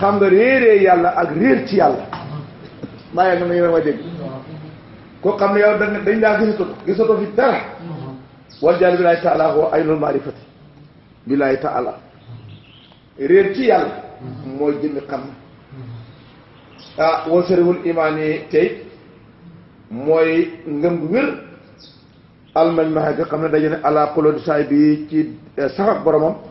xam nga réeree yàlla ak réer ci yàlla mbaa yaa ngi ne yéen a xam ne dañ daa gisatu ko fi dara wal jaal billaahi taala huwa aynul maarifati billaahi taala réer ci yàlla mooy jëmmi xam na ah yi tey mooy ngëm gu wér almañ maxe nga xam ne dañu ne ala xuloo bi ci eh, sax boromam